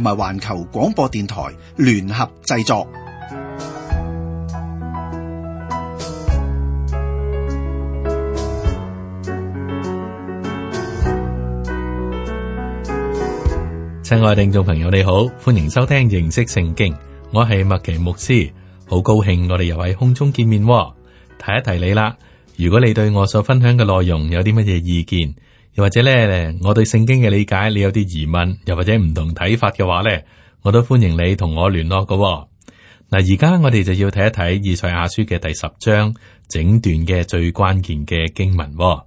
同埋環球廣播電台聯合製作。親愛嘅聽眾朋友，你好，歡迎收聽認識聖經。我係麥奇牧師，好高興我哋又喺空中見面。提一提你啦，如果你對我所分享嘅內容有啲乜嘢意見，又或者咧，我對聖經嘅理解，你有啲疑問，又或者唔同睇法嘅話咧，我都歡迎你同我聯絡嘅哦。嗱，而家我哋就要睇一睇以賽亞書嘅第十章整段嘅最關鍵嘅經文哦。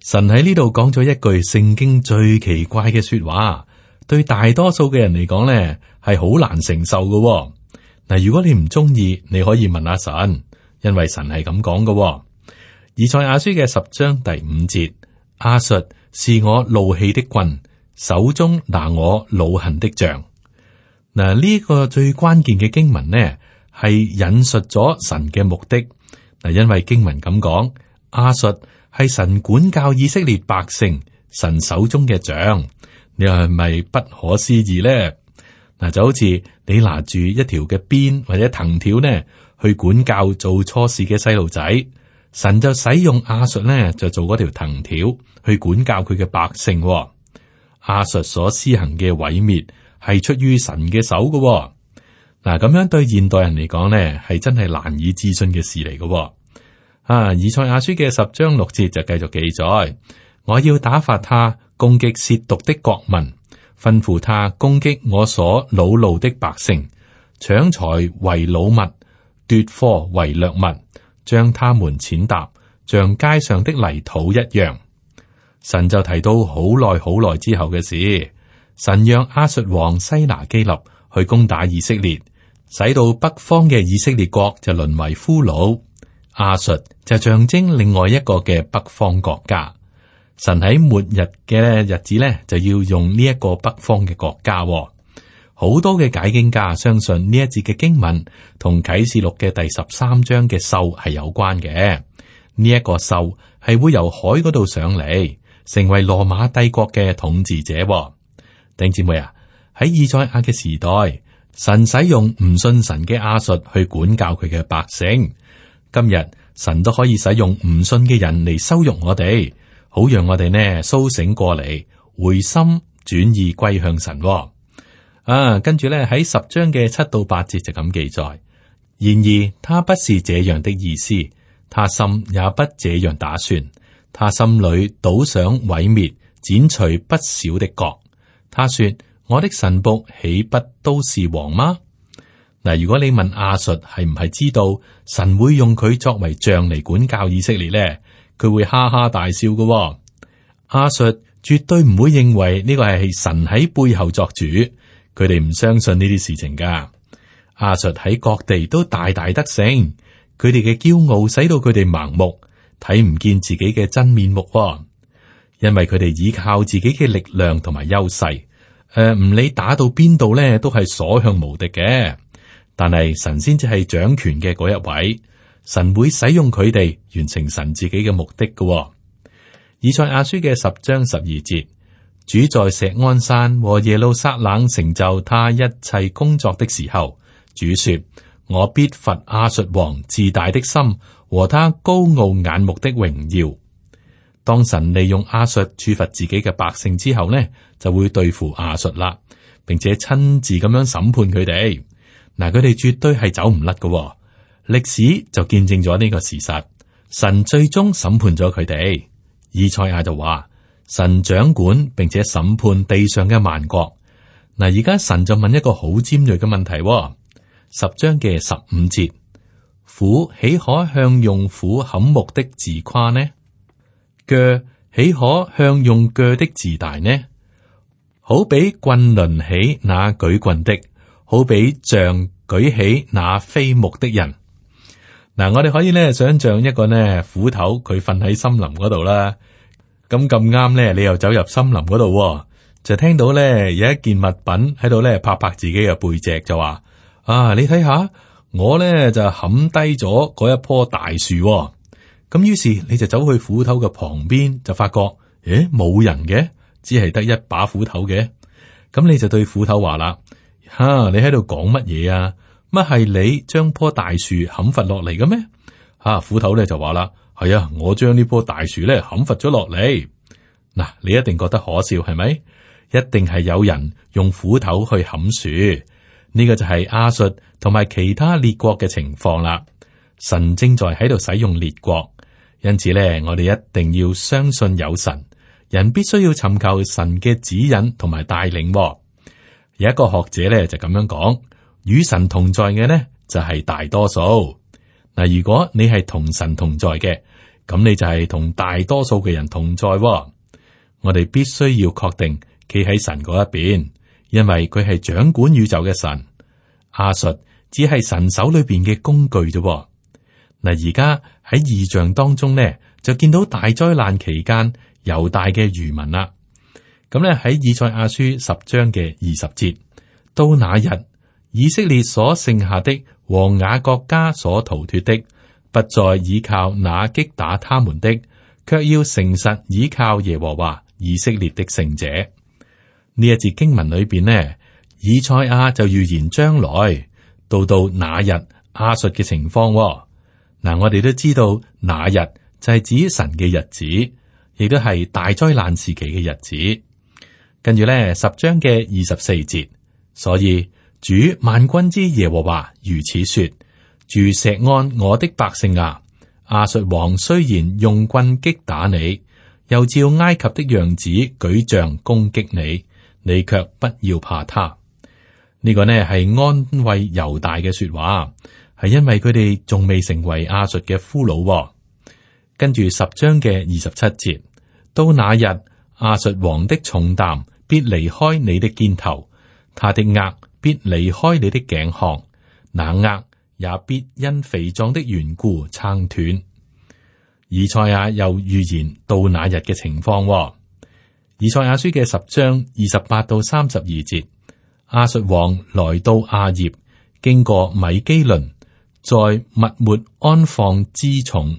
神喺呢度講咗一句聖經最奇怪嘅說話，對大多數嘅人嚟講咧係好難承受嘅。嗱，如果你唔中意，你可以問阿神，因為神係咁講嘅。以賽亞書嘅十章第五節。阿術是我怒氣的棍，手中拿我惱恨的杖。嗱，呢個最關鍵嘅經文呢，係引述咗神嘅目的。嗱，因為經文咁講，阿術係神管教以色列百姓，神手中嘅杖，你係咪不可思議呢？嗱，就好似你拿住一條嘅鞭或者藤條呢，去管教做錯事嘅細路仔。神就使用亞述呢，就做嗰條藤條去管教佢嘅百姓、哦。亞述所施行嘅毀滅係出於神嘅手嘅、哦。嗱、啊，咁樣對現代人嚟講呢係真係難以置信嘅事嚟嘅、哦。啊，以賽亞書嘅十章六節就繼續記載：我要打發他攻擊褻瀆的國民，吩咐他攻擊我所惱怒的百姓，搶財為擄物，奪貨為掠物。將他們踐踏，像街上的泥土一樣。神就提到好耐好耐之後嘅事。神讓阿術王西拿基立去攻打以色列，使到北方嘅以色列國就淪為俘虜。阿術就象徵另外一個嘅北方國家。神喺末日嘅日子呢，就要用呢一個北方嘅國家。好多嘅解經家相信呢一節嘅經文同啟示錄嘅第十三章嘅獸係有關嘅。呢、這、一個獸係會由海嗰度上嚟，成為羅馬帝國嘅統治者、哦。弟兄姐妹啊，喺以賽亞嘅時代，神使用唔信神嘅亞述去管教佢嘅百姓。今日神都可以使用唔信嘅人嚟羞辱我哋，好讓我哋呢甦醒過嚟，回心轉意歸向神、哦。啊，跟住咧喺十章嘅七到八節就咁記載。然而，他不是這樣的意思，他心也不這樣打算。他心裏倒想毀滅、剪除不少的國。他說：我的神僕豈不都是王嗎？嗱，如果你問亞述係唔係知道神會用佢作為杖嚟管教以色列呢？佢會哈哈大笑嘅、哦。亞述絕對唔會認為呢個係神喺背後作主。佢哋唔相信呢啲事情噶，亞述喺各地都大大得勝。佢哋嘅驕傲使到佢哋盲目，睇唔見自己嘅真面目、哦。因為佢哋倚靠自己嘅力量同埋優勢，誒、呃、唔理打到邊度咧，都係所向無敵嘅。但係神先至係掌權嘅嗰一位，神會使用佢哋完成神自己嘅目的噶、哦。以賽亞書嘅十章十二節。主在錫安山和耶路撒冷成就他一切工作的時候，主說：我必罰亞述王自大的心和他高傲眼目的榮耀。當神利用亞述處罰自己嘅百姓之後呢，就會對付亞述啦，並且親自咁樣審判佢哋。嗱，佢哋絕對係走唔甩嘅，歷史就見證咗呢個事實。神最終審判咗佢哋。以賽亞就話。神掌管並且審判地上嘅萬國。嗱，而家神就問一個好尖銳嘅問題，哦：十章嘅十五節，斧豈可向用斧砍木的自誇呢？鋸豈可向用鋸的自大呢？好比棍掄起那舉棍的，好比杖舉起那非木的人。嗱，嗯，我哋可以咧想象一個呢斧頭，佢瞓喺森林嗰度啦。咁咁啱咧，你又走入森林嗰度，就聽到咧有一件物品喺度咧拍拍自己嘅背脊，就話：啊，你睇下，我咧就冚低咗嗰一棵大樹。咁於是你就走去斧頭嘅旁邊，就發覺，誒，冇人嘅，只係得一把斧頭嘅。咁你就對斧頭話啦：吓，啊，你喺度講乜嘢啊？乜係你將棵大樹冚伐落嚟嘅咩？吓，斧頭咧就話啦。係啊、哎，我將呢棵大樹咧砍伐咗落嚟。嗱，你一定覺得可笑，係咪？一定係有人用斧頭去砍樹。呢、這個就係亞述同埋其他列國嘅情況啦。神正在喺度使用列國，因此咧，我哋一定要相信有神。人必須要尋求神嘅指引同埋帶領、哦。有一個學者咧就咁樣講：，與神同在嘅呢，就係、是、大多數。嗱，如果你係同神同在嘅。咁你就係同大多數嘅人同在，我哋必須要確定企喺神嗰一邊，因為佢係掌管宇宙嘅神。阿術只係神手裏邊嘅工具啫。嗱，而家喺異象當中呢，就見到大災難期間猶大嘅漁民啦。咁咧喺以賽亞書十章嘅二十節，到那日以色列所剩下的和雅各家所逃脫的。不再倚靠那擊打他們的，卻要誠實倚靠耶和華以色列的聖者。呢一節經文裏邊呢，以賽亞就預言將來到到那日亞述嘅情況哦。嗱，我哋都知道那日就係指神嘅日子，亦都係大災難時期嘅日子。跟住咧十章嘅二十四節，所以主萬軍之耶和華如此說。住錫安，我的百姓啊！亞述王雖然用棍擊打你，又照埃及的樣子舉杖攻擊你，你卻不要怕他。呢、這個呢係安慰猶大嘅說話，係因為佢哋仲未成為亞述嘅俘虜、哦。跟住十章嘅二十七節，到那日，亞述王的重擔必離開你的肩頭，他的軛必離開你的頸項，那軛，也必因肥壯的緣故撐斷。以賽亞又預言到那日嘅情況、哦。以賽亞書嘅十章二十八到三十二節，亞述王來到亞葉，經過米基倫，在密末安放輜重。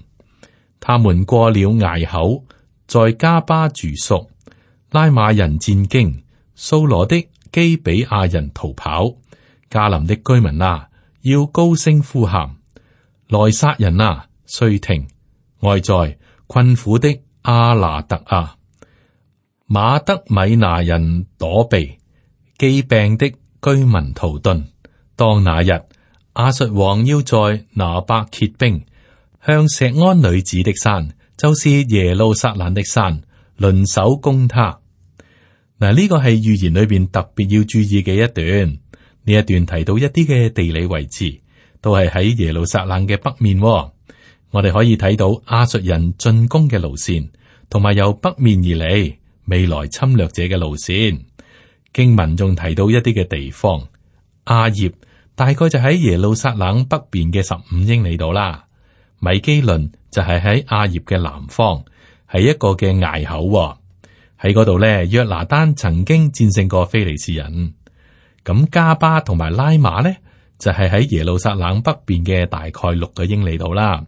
他們過了隘口，在加巴住宿。拉瑪人戰兢，掃羅的基比亞人逃跑。加林的居民啦、啊。要高聲呼喊，來殺人啊！須聽外在困苦的阿拿特啊，馬德米拿人躲避，基柄的居民逃遁。當那日亞述王要在拿伯歇兵，向石安女子的山，就是耶路撒冷的山，掄手攻他。嗱，呢個係預言裏邊特別要注意嘅一段。呢一段提到一啲嘅地理位置，都係喺耶路撒冷嘅北面、哦。我哋可以睇到亞述人進攻嘅路線，同埋由北面而嚟未來侵略者嘅路線。經文仲提到一啲嘅地方，亞葉大概就喺耶路撒冷北邊嘅十五英里度啦。米基倫就係喺亞葉嘅南方，係一個嘅崖口喺嗰度咧。約拿單曾經戰勝過非利士人。咁加巴同埋拉馬咧，就係、是、喺耶路撒冷北邊嘅大概六個英里度啦。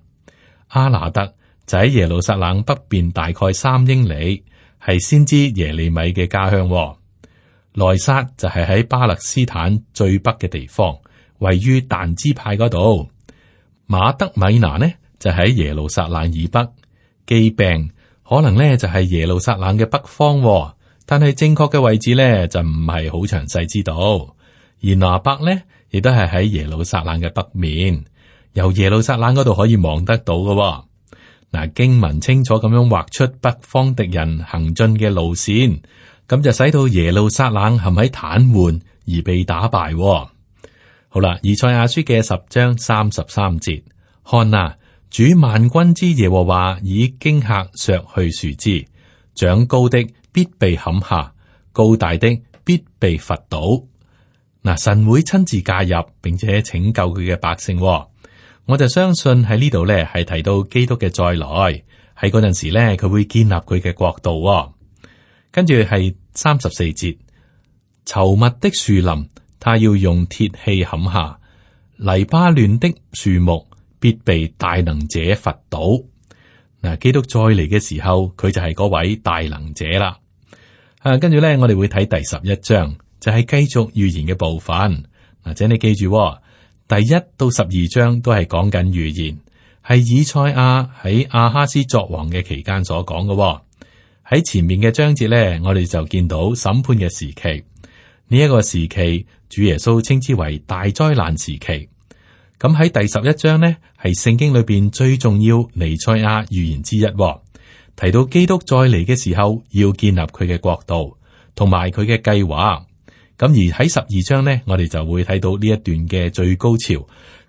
阿拿德就喺耶路撒冷北邊大概三英里，係先知耶利米嘅家鄉。內撒就係喺巴勒斯坦最北嘅地方，位於但支派嗰度。馬德米拿呢，就喺、是、耶路撒冷以北，基病可能咧就係耶路撒冷嘅北方。但係正確嘅位置咧，就唔係好詳細知道。而挪伯咧，亦都係喺耶路撒冷嘅北面，由耶路撒冷嗰度可以望得到嘅。嗱，經文清楚咁樣畫出北方敵人行進嘅路綫，咁就使到耶路撒冷陷喺癱瘓而被打敗，哦。好啦，以賽亞書嘅十章三十三節，看啊，主萬軍之耶和華以驚嚇削去樹枝，長高的。必被砍下，高大的必被伐倒。嗱，神會親自介入，並且拯救佢嘅百姓。我就相信喺呢度咧，係提到基督嘅再來。喺嗰陣時咧，佢會建立佢嘅國度。跟住係三十四節，稠密的樹林，他要用鐵器砍下；黎巴嫩的樹木，必被大能者伐倒。嗱，基督再嚟嘅時候，佢就係嗰位大能者啦。啊，跟住咧，我哋會睇第十一章，就係、是、繼續預言嘅部分。嗱、啊，請你記住、哦，第一到十二章都係講緊預言，係以賽亞喺亞哈斯作王嘅期間所講嘅、哦。喺前面嘅章節咧，我哋就見到審判嘅時期，呢、這、一個時期，主耶穌稱之為大災難時期。咁喺第十一章呢，係聖經裏邊最重要彌賽亞預言之一、哦，提到基督再嚟嘅時候，要建立佢嘅國度，同埋佢嘅計劃。咁而喺十二章呢，我哋就會睇到呢一段嘅最高潮。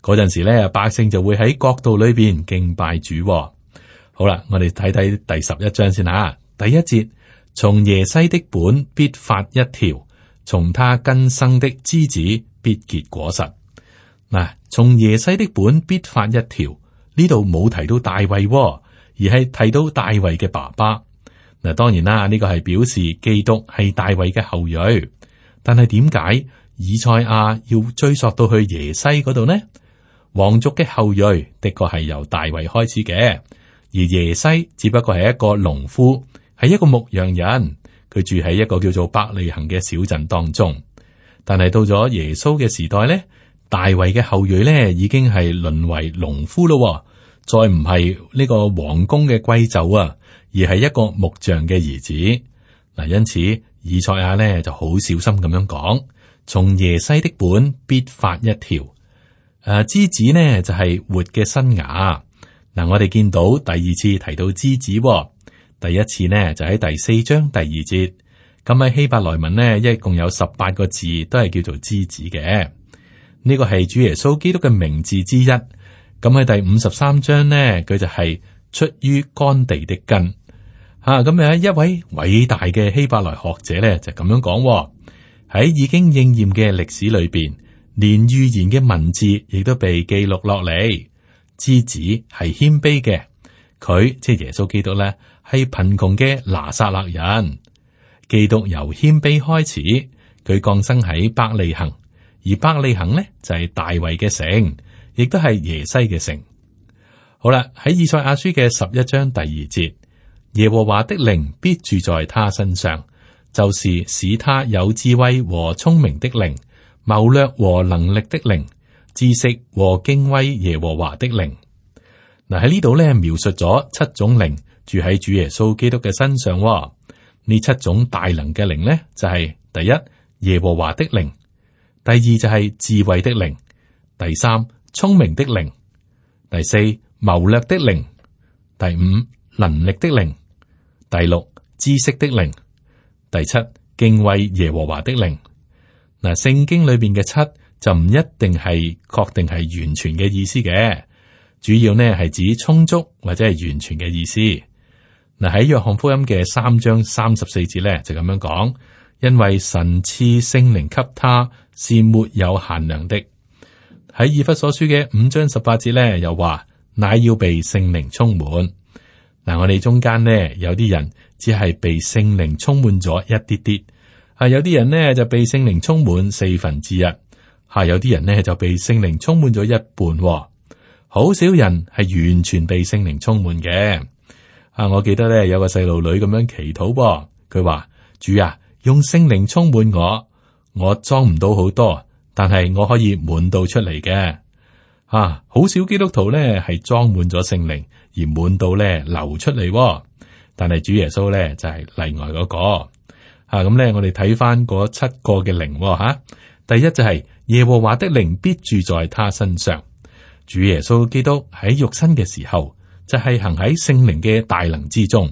嗰陣時呢，百姓就會喺國度裏邊敬拜主、哦。好啦，我哋睇睇第十一章先吓、啊。第一節，從耶西的本必發一條，從他根生的枝子必結果實。嗱，從耶西的本必發一條，呢度冇提到大衛，而係提到大衛嘅爸爸。嗱，當然啦、啊，呢個係表示基督係大衛嘅後裔。但係點解以賽亞要追溯到去耶西嗰度呢？皇族嘅後裔的確係由大衛開始嘅，而耶西只不過係一個農夫，係一個牧羊人，佢住喺一個叫做伯利恆嘅小鎮當中。但係到咗耶穌嘅時代呢？大衛嘅後裔咧，已經係淪為農夫咯、哦，再唔係呢個皇宮嘅貴胄啊，而係一個木匠嘅兒子嗱。因此，以賽亞咧就好小心咁樣講：從耶西的本必發一條。誒、啊，枝子呢就係、是、活嘅新芽嗱。我哋見到第二次提到枝子、哦，第一次呢就喺第四章第二節，咁喺希伯來文呢，一共有十八個字都係叫做枝子嘅。呢個係主耶穌基督嘅名字之一，咁喺第五十三章呢，佢就係出於乾地的根。吓、啊，咁啊一位偉大嘅希伯來學者呢就咁樣講：喺已經應驗嘅歷史裏邊，連預言嘅文字亦都被記錄落嚟。之子係謙卑嘅，佢即係耶穌基督咧係貧窮嘅拿撒勒人。基督由謙卑開始，佢降生喺伯利恆。而伯利恒呢就係、是、大衛嘅城，亦都係耶西嘅城。好啦，喺以賽亞書嘅十一章第二節，耶和華的靈必住在他身上，就是使他有智慧和聰明的靈、謀略和能力的靈、知識和敬畏耶和華的靈。嗱，喺呢度咧，描述咗七種靈住喺主耶穌基督嘅身上、哦。呢七種大能嘅靈呢，就係、是、第一，耶和華的靈。第二就係智慧的靈，第三聰明的靈，第四謀略的靈，第五能力的靈，第六知識的靈，第七敬畏耶和華的靈。嗱，聖經裏邊嘅七就唔一定係確定係完全嘅意思嘅，主要呢係指充足或者係完全嘅意思。嗱，喺約翰福音嘅三章三十四節呢，就咁樣講，因為神賜聖靈給他。是沒有限量的。喺《以弗所書》嘅五章十八節呢，又話乃要被聖靈充滿。嗱、啊，我哋中間呢，有啲人只係被聖靈充滿咗一啲啲，係有啲人呢就被聖靈充滿四分之一，係有啲人呢就被聖靈充滿咗一半，哦。好少人係完全被聖靈充滿嘅。啊，我記得咧有個細路女咁樣祈禱喎，佢話：主啊，用聖靈充滿我。我裝唔到好多，但係我可以滿到出嚟嘅。啊，好少基督徒咧係裝滿咗聖靈而滿到咧流出嚟，但係主耶穌咧就係、是、例外嗰、那個。啊，咁、嗯、咧我哋睇翻嗰七個嘅靈吓，第一就係、是、耶和華的靈必住在他身上。主耶穌基督喺肉身嘅時候就係、是、行喺聖靈嘅大能之中，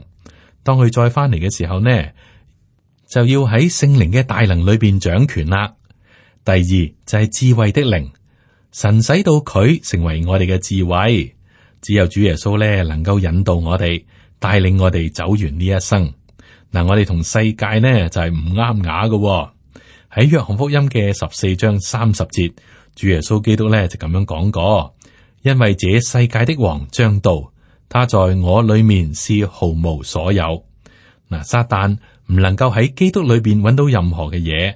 當佢再翻嚟嘅時候呢，就要喺聖靈嘅大能裏邊掌權啦。第二就係、是、智慧的靈，神使到佢成為我哋嘅智慧。只有主耶穌咧能夠引導我哋，帶領我哋走完呢一生。嗱、啊，我哋同世界呢，就係唔啱牙嘅。喺約翰福音嘅十四章三十節，主耶穌基督咧就咁樣講過：因為這世界的王將到，他在我裏面是毫無所有。嗱、啊，撒旦。唔能夠喺基督裏邊揾到任何嘅嘢，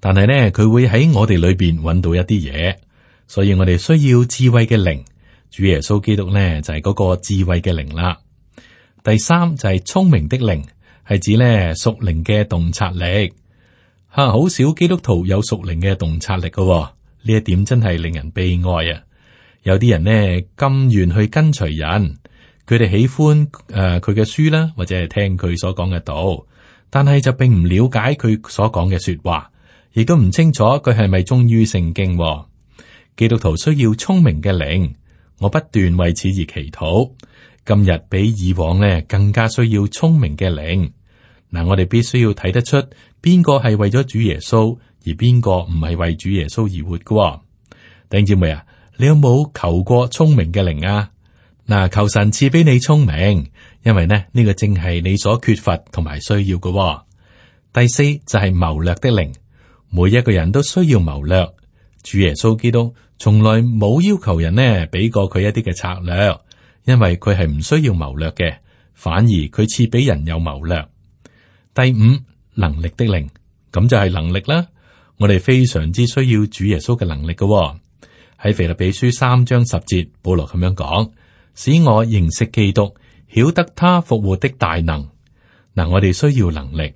但係咧佢會喺我哋裏邊揾到一啲嘢，所以我哋需要智慧嘅靈。主耶穌基督咧就係、是、嗰個智慧嘅靈啦。第三就係、是、聰明的靈，係指咧屬靈嘅洞察力吓。好、啊、少基督徒有屬靈嘅洞察力噶、哦，呢一點真係令人悲哀啊。有啲人呢，甘願去跟隨人，佢哋喜歡誒佢嘅書啦，或者係聽佢所講嘅道。但係就並唔了解佢所講嘅說話，亦都唔清楚佢係咪忠於聖經。基督徒需要聰明嘅靈，我不斷為此而祈禱。今日比以往咧更加需要聰明嘅靈。嗱，我哋必須要睇得出邊個係為咗主耶穌，而邊個唔係為主耶穌而活嘅。頂姐妹啊，你有冇求過聰明嘅靈啊？嗱，求神賜俾你聰明，因為呢、呢、這個正係你所缺乏同埋需要嘅，哦。第四就係謀略的靈，每一個人都需要謀略。主耶穌基督從來冇要求人呢俾過佢一啲嘅策略，因為佢係唔需要謀略嘅，反而佢賜俾人有謀略。第五，能力的靈，咁就係能力啦。我哋非常之需要主耶穌嘅能力嘅，哦。喺腓立比書三章十節，保羅咁樣講。使我認識基督，曉得他復活的大能。嗱，我哋需要能力。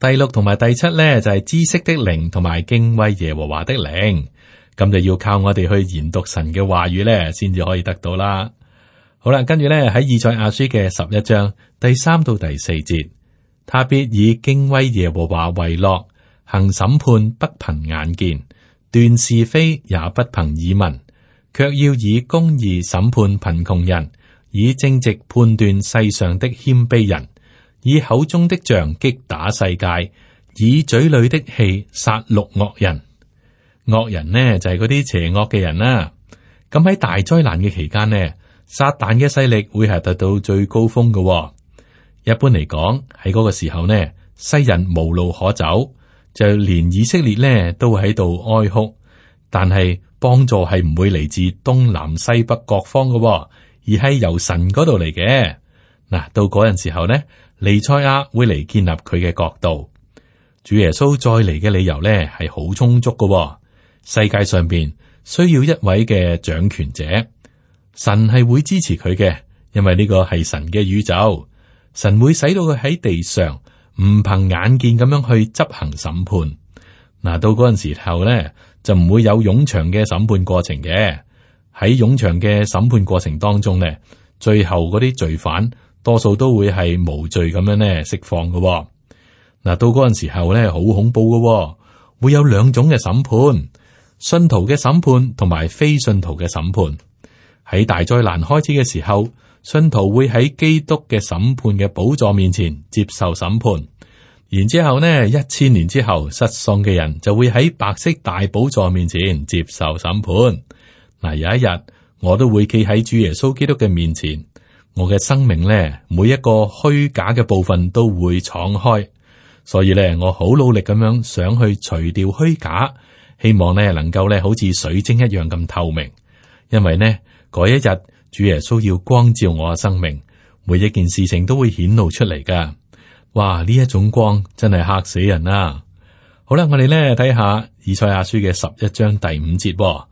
第六同埋第七咧，就係知識的靈同埋敬畏耶和華的靈。咁就要靠我哋去研讀神嘅話語咧，先至可以得到啦。好啦，跟住咧喺以賽亞書嘅十一章第三到第四節，他必以敬畏耶和華為樂，行審判不憑眼見，斷是非也不憑耳聞。卻要以公義審判貧窮人，以正直判斷世上的謙卑人，以口中的杖擊打世界，以嘴裏的氣殺戮惡人。惡人呢就係嗰啲邪惡嘅人啦。咁喺大災難嘅期間呢，撒旦嘅勢力會係達到最高峰嘅哦。一般嚟講，喺嗰個時候呢，西人無路可走，就連以色列呢都喺度哀哭。但係幫助係唔會嚟自東南西北各方嘅，哦，而係由神嗰度嚟嘅。嗱，到嗰陣時候咧，彌賽亞會嚟建立佢嘅國度。主耶穌再嚟嘅理由咧係好充足嘅，哦。世界上邊需要一位嘅掌權者，神係會支持佢嘅，因為呢個係神嘅宇宙，神會使到佢喺地上唔憑眼見咁樣去執行審判。嗱，到嗰陣時候咧。就唔會有冗長嘅審判過程嘅，喺冗長嘅審判過程當中呢，最後嗰啲罪犯多數都會係無罪咁樣咧釋放噶。嗱，到嗰陣時候咧，好恐怖噶，哦，會有兩種嘅審判：信徒嘅審判同埋非信徒嘅審判。喺大災難開始嘅時候，信徒會喺基督嘅審判嘅寶座面前接受審判。然之後呢，一千年之後，失喪嘅人就會喺白色大寶座面前接受審判。嗱、啊，有一日，我都會企喺主耶穌基督嘅面前，我嘅生命呢，每一個虛假嘅部分都會敞開。所以呢，我好努力咁樣想去除掉虛假，希望呢，能夠呢，好似水晶一樣咁透明。因為呢，嗰一日，主耶穌要光照我嘅生命，每一件事情都會顯露出嚟噶。哇！呢一種光真係嚇死人啦，啊。好啦，我哋呢睇下以賽亞書嘅十一章第五節，哦，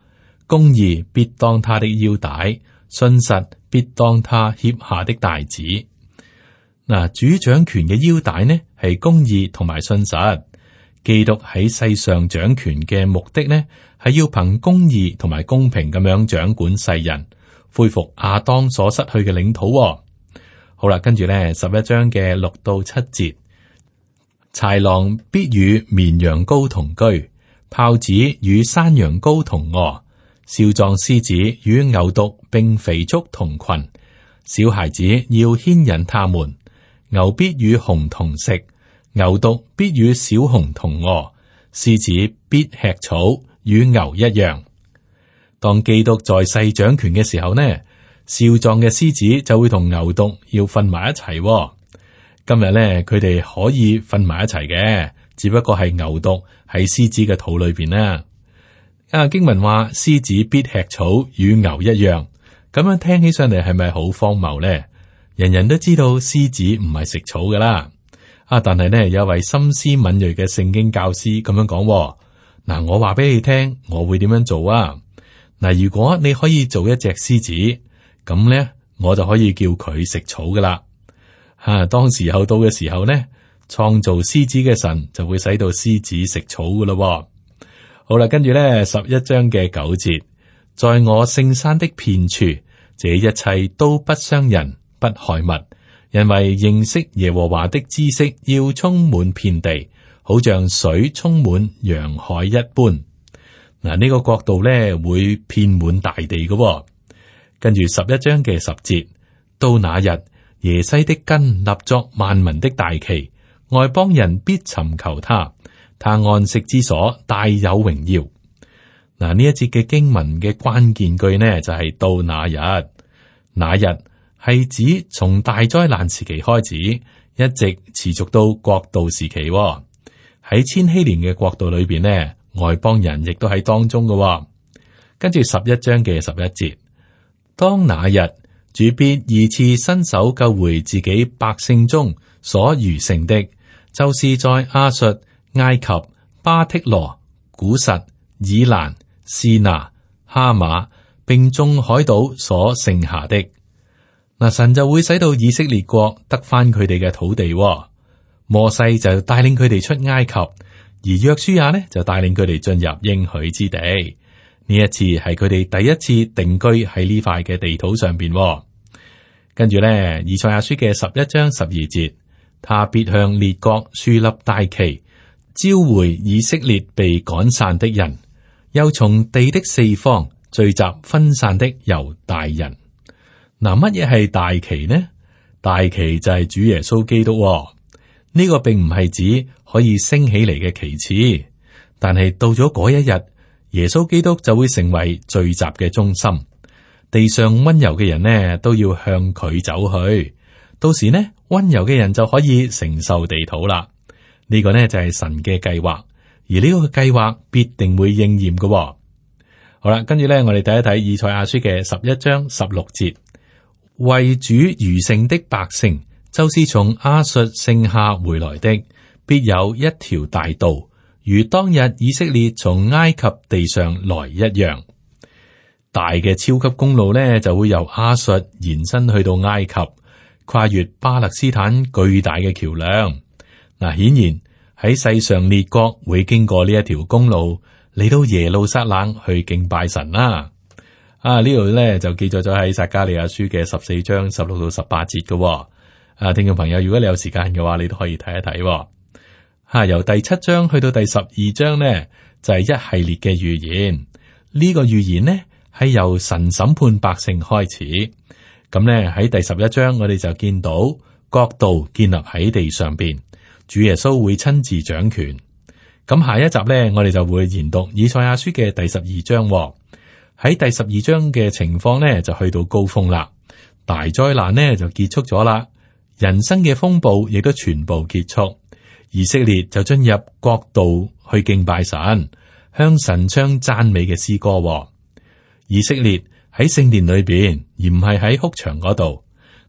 公義必當他的腰帶，信實必當他脅下的帶子。嗱、啊，主掌權嘅腰帶呢，係公義同埋信實。基督喺世上掌權嘅目的呢，係要憑公義同埋公平咁樣掌管世人，恢復亞當所失去嘅領土，哦。好啦，跟住咧十一章嘅六到七節，豺狼必與綿羊羔同居，豹子與山羊羔同臥，少壯獅子與牛犢並肥畜同群，小孩子要牽引他們。牛必與熊同食，牛犢必與小熊同臥，獅子必吃草與牛一樣。當基督在世掌權嘅時候呢？少壯嘅獅子就會同牛犢要瞓埋一齊，哦。今日咧，佢哋可以瞓埋一齊嘅，只不過係牛犢喺獅子嘅肚裏邊啦。啊，經文話獅子必吃草，與牛一樣。咁樣聽起上嚟，係咪好荒謬呢？人人都知道獅子唔係食草噶啦。啊，但係呢，有位心思敏銳嘅聖經教師咁樣講，哦。嗱，啊，我話俾你聽，我會點樣做啊？嗱，啊，如果你可以做一隻獅子。咁呢，我就可以叫佢食草㗎喇。吓、啊，當時候到嘅時候呢，創造獅子嘅神就會使到獅子食草㗎咯、哦。好啦，跟住呢十一章嘅九節，在我聖山的片處，這一切都不傷人、不害物，因為認識耶和華的知識要充滿遍地，好像水充滿洋海一般。嗱、啊、呢、這個角度呢會遍滿大地㗎、哦。跟住十一章嘅十節，到那日耶西的根立作萬民的大旗，外邦人必尋求他，他安息之所大有榮耀。嗱，呢一節嘅經文嘅關鍵句呢，就係、是、到那日，那日係指從大災難時期開始，一直持續到國度時期喎、哦。喺千禧年嘅國度裏邊呢，外邦人亦都喺當中噶、哦。跟住十一章嘅十一節。當那日，主必二次伸手，救回自己百姓中所餘剩的，就是在亞述、埃及、巴剔羅、古實、以蘭、示拿、哈馬並眾海島所剩下的。那神就會使到以色列國得翻佢哋嘅土地。摩西就帶領佢哋出埃及，而約書亞呢就帶領佢哋進入應許之地。呢一次係佢哋第一次定居喺呢塊嘅地圖上面、哦。跟住咧，以賽亞書嘅十一章十二節，他別向列國豎立大旗，召回以色列被趕散的人，又從地的四方聚集分散的猶大人。嗱、呃，乜嘢係大旗呢？大旗就係主耶穌基督、哦。呢、這個並唔係指可以升起嚟嘅旗幟，但係到咗嗰一日。耶穌基督就會成為聚集嘅中心，地上温柔嘅人呢，都要向佢走去，到時呢，温柔嘅人就可以承受地土啦。呢、這個呢就係、是、神嘅計劃，而呢個計劃必定會應驗嘅、哦。好啦，跟住呢，我哋睇一睇以賽亞書嘅十一章十六節，為主餘剩的百姓，就是從阿述剩下回來的，必有一條大道。如當日以色列從埃及地上來一樣，大嘅超級公路咧就會由亞述延伸去到埃及，跨越巴勒斯坦巨大嘅橋樑。嗱、啊，顯然喺世上列國會經過呢一條公路嚟，到耶路撒冷去敬拜神啦、啊。啊，呢度咧就記載咗喺撒迦利亞書嘅十四章十六到十八節嘅。啊，聽眾朋友，如果你有時間嘅話，你都可以睇一睇。吓、啊，由第七章去到第十二章呢，就係、是、一系列嘅預言。呢、這個預言呢，係由神審判百姓開始。咁呢，喺第十一章，我哋就見到國度建立喺地上邊，主耶穌會親自掌權。咁下一集呢，我哋就會研讀以賽亞書嘅第十二章、哦。喺第十二章嘅情況呢，就去到高峰啦，大災難呢，就結束咗啦，人生嘅風暴亦都全部結束。以色列就進入國度去敬拜神，向神唱讚美嘅詩歌。以色列喺聖殿裏邊，而唔係喺哭場嗰度。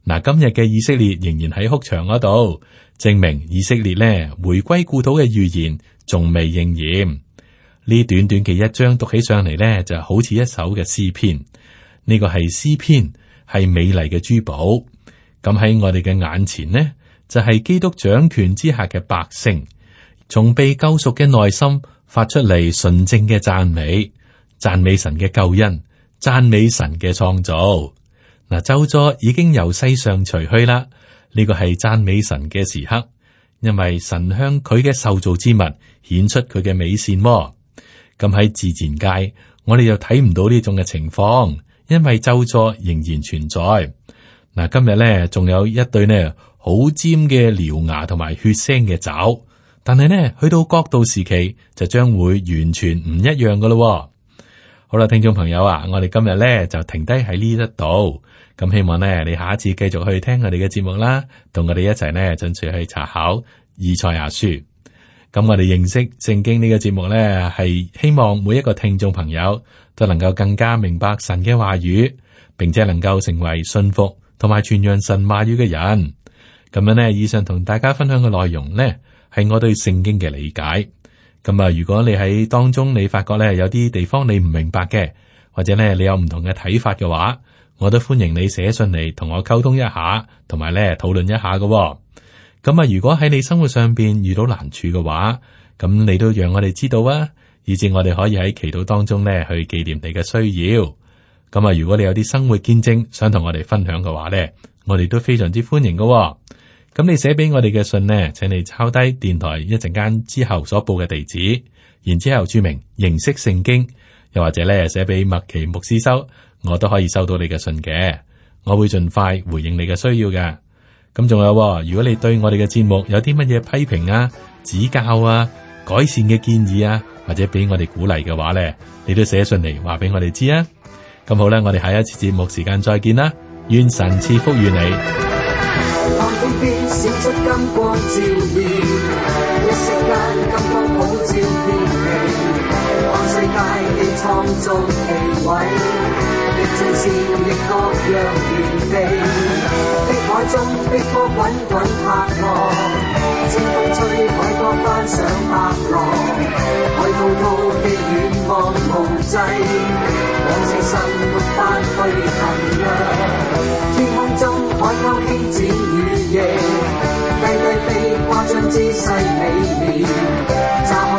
嗱，今日嘅以色列仍然喺哭場嗰度，證明以色列呢，回歸故土嘅預言仲未應驗。呢短短嘅一章讀起上嚟呢，就好似一首嘅詩篇。呢個係詩篇，係美麗嘅珠寶。咁喺我哋嘅眼前呢，就係基督掌權之下嘅百姓，從被救贖嘅內心發出嚟純正嘅讚美，讚美神嘅救恩，讚美神嘅創造。嗱，咒詛已經由世上除去啦，呢個係讚美神嘅時刻，因為神向佢嘅受造之物顯出佢嘅美善。咁喺自然界，我哋又睇唔到呢種嘅情況，因為咒詛仍然存在。嗱，今日咧仲有一對呢。好尖嘅獠牙同埋血腥嘅爪，但係呢，去到角度時期就將會完全唔一樣嘅咯、哦。好啦，聽眾朋友啊，我哋今日呢就停低喺呢一度咁，希望呢你下一次繼續去聽我哋嘅節目啦，同我哋一齊呢，盡處去查考以賽亞書。咁、嗯、我哋認識聖經呢、這個節目呢，係希望每一個聽眾朋友都能夠更加明白神嘅話語，並且能夠成為信服同埋傳揚神話語嘅人。咁樣咧，以上同大家分享嘅內容呢，係我對聖經嘅理解。咁啊，如果你喺當中你發覺咧有啲地方你唔明白嘅，或者咧你有唔同嘅睇法嘅話，我都歡迎你寫信嚟同我溝通一下，同埋咧討論一下嘅。咁啊，如果喺你生活上邊遇到難處嘅話，咁你都讓我哋知道啊，以至我哋可以喺祈禱當中咧去紀念你嘅需要。咁啊，如果你有啲生活見證想同我哋分享嘅話咧，我哋都非常之歡迎嘅。咁你寫俾我哋嘅信呢，請你抄低電台一陣間之後所報嘅地址，然之後注明認識聖經，又或者咧寫俾麥奇牧師收，我都可以收到你嘅信嘅，我會盡快回應你嘅需要嘅。咁仲有，如果你對我哋嘅節目有啲乜嘢批評啊、指教啊、改善嘅建議啊，或者俾我哋鼓勵嘅話呢，你都寫信嚟話俾我哋知啊。咁好啦，我哋下一次節目時間再見啦，願神賜福與你。天邊閃出金光照耀，一息間金光普照天地，望世界亦創造奇偉，歷盡善惡各樣玄機。海中的波滾滾拍岸，清風吹海波翻上白浪。海滔滔的遠望無際，往昔心沒法去衡量。天空中海鷗輕展羽翼，低低飛劃出姿勢美妙。